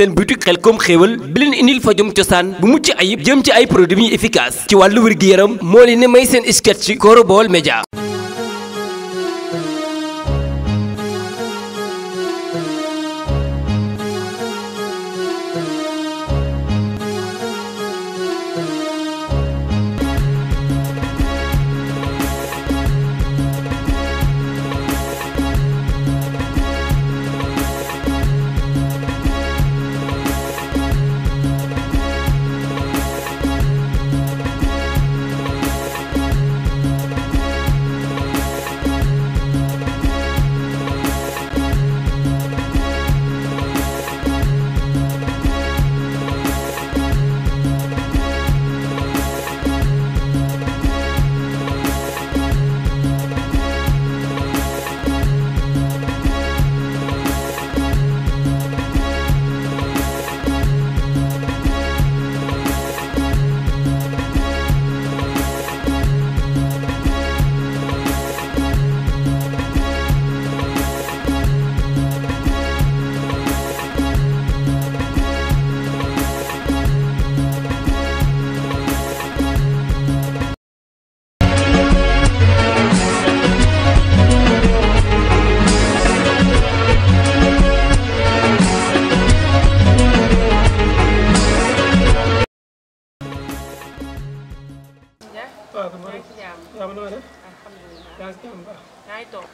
seen boutique xelkom xéewal bi leen indil fajum cosaan bu mucc ayib jëm ci ay produits efficaces ci wàllu wér-gu-yaram moo leen ne may seen sketch Koro Baol Média yaa ma noo def. alhamdulilah yaa ngi toog.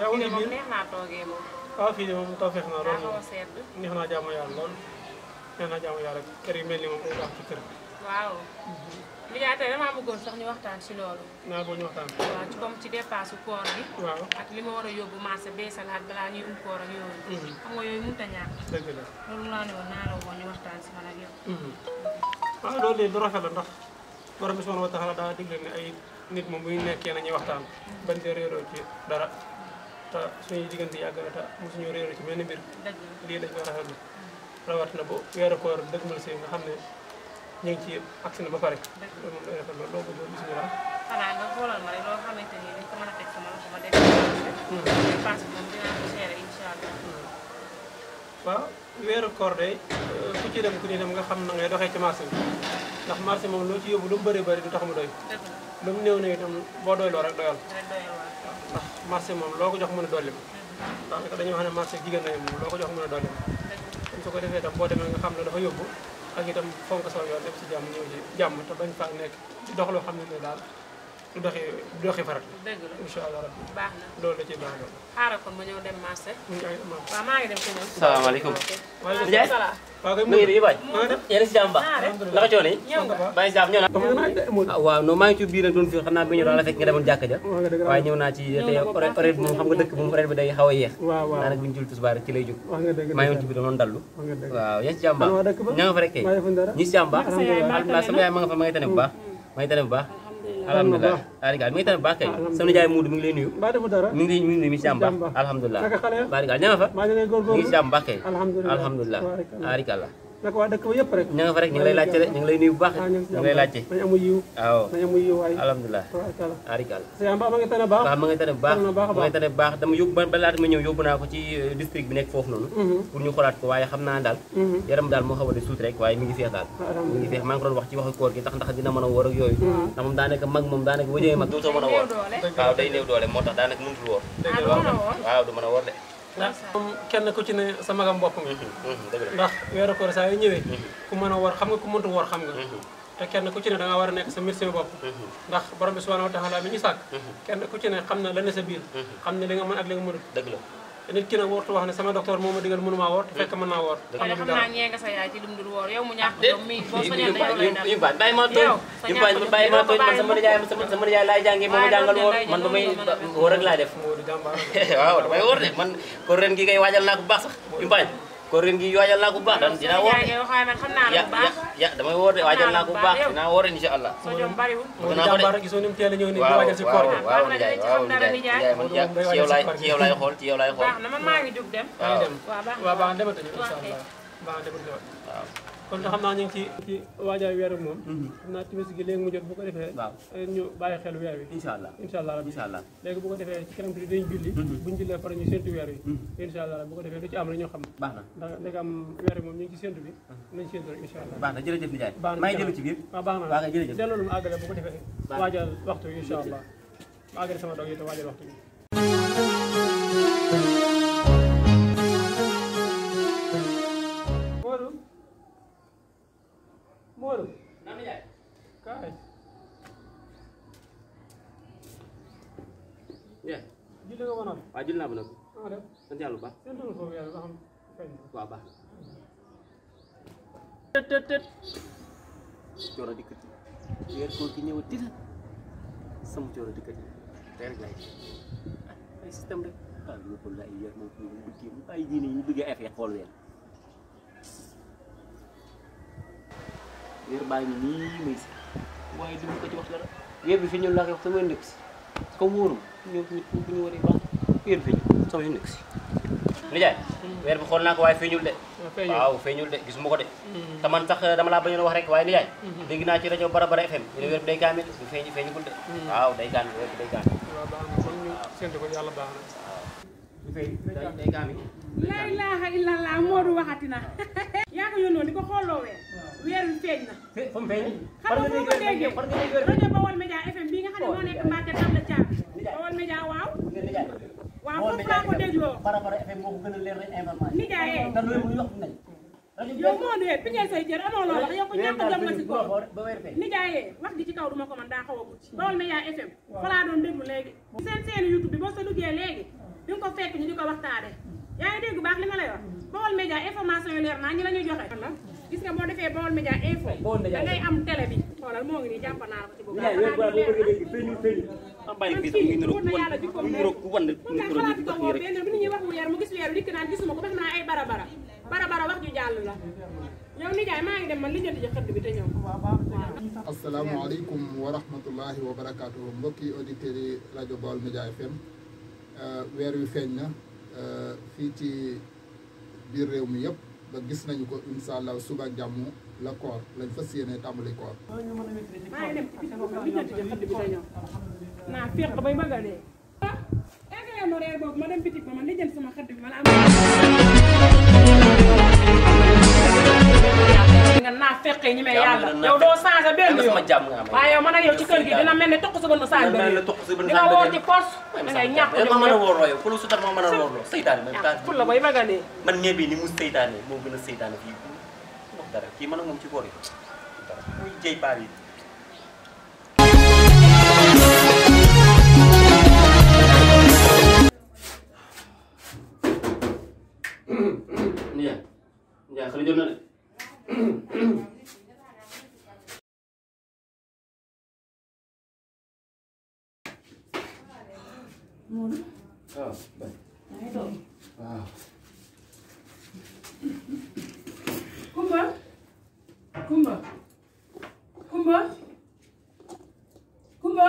yaa ngi woon naa toogee moom. Ah, ni mhm. waxtaan si loolu. naa bëggoon ñu ak war a yóbbu marché yooyu. Mhm. xam a ñàkk. dëgg du mhm. ah, rafet la ndax borom bi subhanahu wa daa digle ne ay nit moom bu ñu nekkee nañuy waxtaan bañ te réeroo ci dara te suñuy diggante yàgg na te mosuñu réeroo ci benn mbir lii dañ ko rafetlu rawatina bu weeru koor dëgmal sëy nga xam ne ñu ngi ci agsi na ba pare loolu moom lay rafetlu loolu ko jox bisimilah xanaa nga xoolal waaw weeru koor day euh, ku ci dem ku ci dem nga xam na ngay doxee ci marché bi ndax marché moom loo ci yóbbu lu mu bëri bari du tax mu doy lu mu néew ne tam boo doy loo rek doyal ndax marché moom loo ko jox mën a dolli ma daanaka dañuy wax ne marché jigéen nañu loo ko jox mën a dolli ma ko defee itam boo demee nga xam ne dafa yóbbu ak itam fonk saw yoon def si jàmm ñëw ci jàmm te bañ faa nekk ci dox loo xam ne ne daal du doxi du doxi farat. la incha allah rabbi baax na loolu la ci baax loolu. xaaral kon ma ñëw dem marché. waaw maa ngi dem te ñëw. salaamaaleykum. waaleykum salaam. waaw kay mu ngi a si jàmm baax. naka coono ba bàyyi jàmm ñëw naa. Ah, waaw non maa ngi ci biir nag doon fii xam naa bi ñu doon la fekk nga demoon jàkka ja. waaye ñëw naa ci tey horaire bi moom xam nga dëkk moom horaire bi day xaw a yéex. naa nag bu ñu jul tusbaar ci lay jóg. maa ngi ci biir doon dallu. waaw yéen si jàmm baax. ña fa rek ñi si jàmm baax. alhamdulilah sama yaay ma fa ma ngay tane bu alhamdulilah baarigal mi ngi tamit baax kay sama nijaay Muudu mi ngi lay nuyu mbaa defu dara mi ngi mi ngi mi si jàmm baax alhamdulilah baarigal ña nga fa mi ngi si naka waa dëkk ba yëpp rek. ña nga fa rek ñu ngi lay laajte ñu ngi lay nuyu bu baax. ñu ngi lay laajte nañ amu yiw. waaw nañ amu baax ma baax ma nga tane baax dama yóbbu balaa dama ñëw naa ko ci eh, district bi nekk foofu mhm. ñu waaye xam naa daal. Mhm. yaram daal moo xaw a de waaye mi ngi feex daal. Ah, mi ngi feex maa ngi doon wax ci waxi koor gi tax ndax dina mën a woor ak yooyu. Mhm. ndax moom daanaka mag moom daanaka bu jëmee mag dootoo mën a woor. waaw day néew doole moo tax daanaka mënul ah, woor. waaw du mën a woor de ndax moom kenn ku ci ne sa magam bopp nga mhm, mhm, ndax weeru koor saa yu ñëwee mhm. ku mën a war xam nga ku mëntu war xam nga te kenn ku ci ne da war a nekk sa médecin bopp ndax borom bi subhanahu wa taala bi ñu sàkk kenn ku ci ne xam na la ne sa biir xam ne li nga mën ak li nga mënut dëgg la nit ki nag wartu wax ne sama docteur moo a digal mënu maa woor te fekk mën naa woor kon xam naa ñee nga sa ci lum dul woor yow mu ñaax doom mi boo soñee yow lay dal yu bañ bàyyi ma tooñ yu bañ bàyyi ma tooñ man sama nijaay sama nijaay laay jàngee moo man ba may woor rek laa def waaw damay woor de man ko ren gi ngay waajal naa ko sax yu bañ ko ren gi waajal naa ko bu baax daan dinaa woote ya damay woote waajal naa ko bu baax dinaa woote incha allah. mu jàmbaar gisoo ni mu teel a ñëw ni mu waajal si koor gi waaw waaw Ndiaye waaw Ndiaye man ci yow laay ci yow laay xool ci yow laay xool. waaw waaw baax na kon xam naa ñu ci ci waajaay moom mhm. xam naa timis gi léegi mu jot defee ñu bàyyi xel weer wi allah rabbi léegi bu defee ci kanam tuuti dañu julli mhm. buñu ñu mhm. la ñoo xam baax ndax léegi am moom ñu ci séntu bi nañ séntu rek incha allah baax na jërëjëf Ndiaye maa ngi jëlu ci biir waaw baax na jërëjëf delloo lu mu àggale bu julli nga ba noppi. waaw julli naa ba noppi. Ah, sant yàlla bu baax. waaw baax na. tët tët cooro dikkati weer koor gi ñëwati la sama cooro dikkati tey rek laay ay système rek waaw ñu ko laay yar moom ñu bëggee mu bàyyi diine ñu bëggee affaire xool leen weer nii may si waaye du ko ci wax dara weer bi fi ñun laa koy sama ndëkk si ko wóorul ñoom nit ñi bu ñu waree baax yéen feeñu sama yu nekk si. nijaay weer bi xool naa ko waaye feeñul de. waaw feeñul de gisuma ko de. te sax dama laa bañoon wax rek waaye nijaay. dégg naa ci rajo Barabara FM ñu ne weer bi day kaamil bu feeñ feeñugul de. waaw day kaamil weer bi day kaamil. waaw baax laa ilaaha illallaah waxati na. yaa ko yónnoo di ko xooloo weer. weer bi feeñ na. fe fa xam nga xam ne moo nekk Mbacke média waaw. waaw foofu laa ko dégloo. Barbara FM moo ko gën a leer information. nijaayee te loolu muy wax nañ. yow moo jom nga si ko nijaayee wax gi ci kaw duma ko man daa xaw a gudd. Hmm. Baol Média FM. laa doon déglu léegi. seen seen YouTube bi boo sa duggee léegi di nga ko fekk ñu di ko waxtaane hmm. yaa ngi dégg baax li ma lay wax. Hmm. Baol Média information yu leer naa ñi la ñuy joxe. gis nga boo defee Baol Média info. da ngay am télé bi xoolal moo ngi nii jàpp naa la ko ci boobu. bàyyi bi sax mu ngi niroog ku wan mu gis weer dikk naan gisuma ko ba xam naa ay barabara barabara wax ju jàll la yow nijaay maa ngi dem man li xëdd bi te ñëw asalaamaaleykum wa rahmatullahi wa barakaatu mbokki auditeurs yi rajo Baol Média FM euh, weer wi feeñ na euh, fii ci biir réew mi yëpp ba gis nañu ko incha allah jàmm la koor lañ fas yéene tàmbali koor. maa ngi dem ci bitik ba bay bëgg a dee. ah eggalee nu reer boobu ma dem bitik ba man lijjanti sama xarit bi ma la am. nga naa feqee ñi may yàlla yow doo changé benn yow waaye yow man ak yow ci kër gi dina mel ni toq sa bën saa bëri di nga woor ci force da ngay ñàkk yow ma mën a woorloo yow ku la su tax ma mën a woorloo seytaane man la bay bëgg a dee man ñebe ni mu seytaane moo gën a seytaane fii dara kii mën a moom ci góor yi dara muy jëy baal yi Ndiaye xale jot na de moom waaw waaw Kumba Kumba Kumba Kumba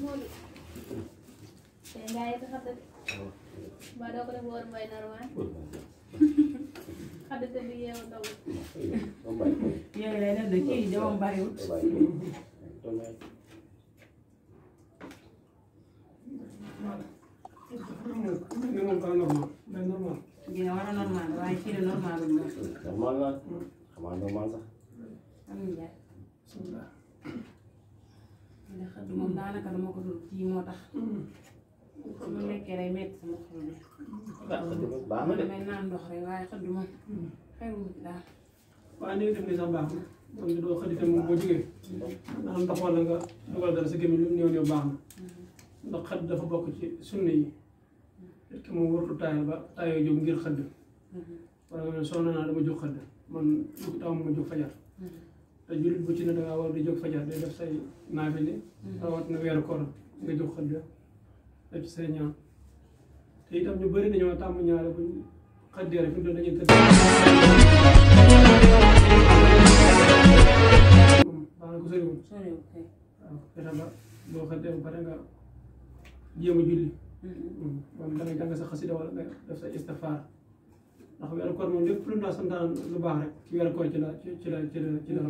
Moolu te ngaa yëg xadd ba doo ko def wóor mbay narwaan xadd te bi yeewu ndaw yooyu lay def de kii jamono bariwut te normal normal la xamaa normal sax. alhamdulilah. ndax moom daanaka dama ko dul kii moo tax. su ma lekkee day métti sama xol bi. baax na rek waaye xëdd moom. baax na. ndox xëdd dafa bokk ci sunna yi. te moom wartu taayal ba taayoo jóg ngir xëdd. wala nga ne soxla naa dama jóg xëdd man taw ma jóg fajar hmm. te jullit bu ci ne da war di jóg fajar day def say naafile hmm. rawat na weeru koor nga jóg xëdd def ci say ñaan te itam ñu rek fi mu dañuy tëdd waaw ko ba boo xëddee ba pare nga julli moom da nga sa xasida wala def sa istifaar ndax weeru koor moom lépp lu ñu santaan lu baax rek ci weeru koor ci la ci la ci la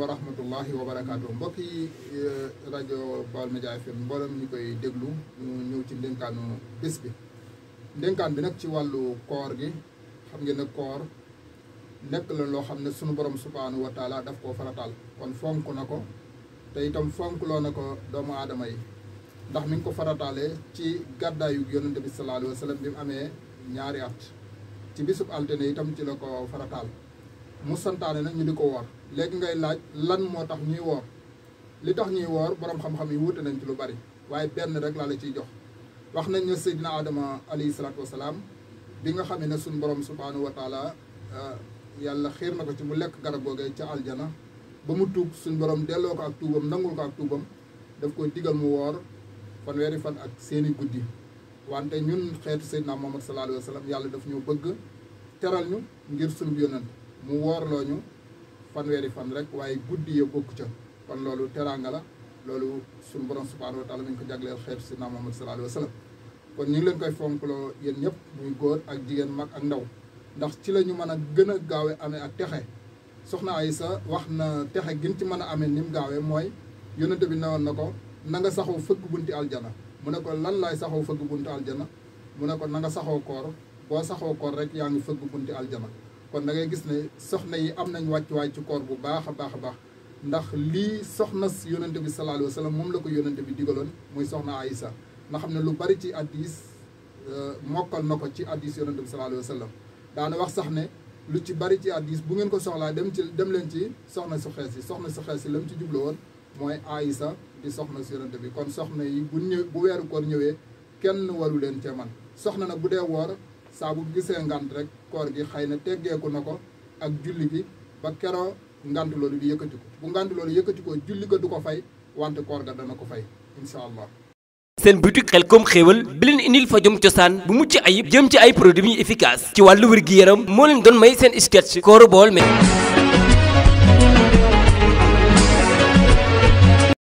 wa rahmatullahi wa barakaatu mbokk yi eh, rajo Baol Média FM mboolem ñu koy déglu ñu ñëw ci ndénkaanu bés bi ndénkaan bi nag ci wàllu koor gi xam ngeen ne koor nekk la loo xam ne sunu borom subhaanahu wa taala daf koo farataal kon fonk na ko te itam fonkloo na ko doomu aadama yi ndax mi ngi ko farataale ci gàddaayu yonente bi sallallahu alayhi wa sallam bi mu amee ñaari at ci bisub altine itam ci la ko farataal mu santaane nag ñu di ko woor léegi ngay laaj lan moo tax ñuy woor li tax ñuy woor borom xam-xam yi wuute nañ ci lu bari waaye benn rek laa la ciy jox wax nañ ne Seydina Adama alayhi salaatu wa salaam bi nga xamee ne suñ borom subhaanahu wa taala euh, yàlla xiir na ko ci mu lekk garab googee ca aljana ba mu tuub suñu borom delloo ko ak tuubam nangul ko ak tuubam daf koy digal mu woor fanweeri fan ak seeni guddi wante ñun xeetu Seydina Muhammad sallallahu alayhi wa sallam yàlla daf ñu bëgg teral ñu ngir suñu yonent mu woorloo ñu fanweeri fan rek waaye guddi ya bokk ca kon loolu teraanga la loolu suñu borom subhaanahu wa taala mi ko jagleel xeetu Seydina Muhammad sallallahu alayhi wa sallam kon ñu ngi leen koy loo yéen ñëpp muy góor ak jigéen mag ak ndaw ndax ci la ñu mën a gën a gaawe amee ak texe soxna Aysa wax na texe gën ci mën a amee ni mu gaawee mooy yónnante bi newoon na ko na nga saxoo fëgg bunti aljana mu ne ko lan laay saxoo fëgg bunti aljana mu ne ko na nga saxoo koor boo saxoo koor rek yaa ngi fëgg bunti aljana kon da ngay gis ne soxna yi am nañ wàccuwaay ci koor bu baax a baax a baax ndax lii soxna yónnante bi sallallahu alayhi wa moom la ko yónnante bi digaloon muy soxna Aysa nga xam ne lu bari ci addis euh, mokkal na ko ci addis yónnante bi sallallahu alayhi daana wax sax ne lu ci bari ci hadiis bu ngeen ko soxlaa dem ci dem leen ci soxna su xees yi soxna su xees yi la mu ci jublu woon mooy Aïsa di soxna si yonent bi kon soxna yi bu ñëw bu weeru koor ñëwee kenn waru leen cee man soxna nag bu dee woor saabu bu gisee ngant rek koor gi xay na teggeeku na ko ak julli gi ba keroo ngant loolu di yëkkati ko bu ngant loolu yëkkati ko julli ko du ko fay wante koor ga dana ko fay incha allah seen boutique xel koom xéewal bi leen indil fajum cosaan bu mucc ayib jëm ci ay produits efficace ci wàllu wér-gi-yaram moo leen doon may seen sketch kooru bool mais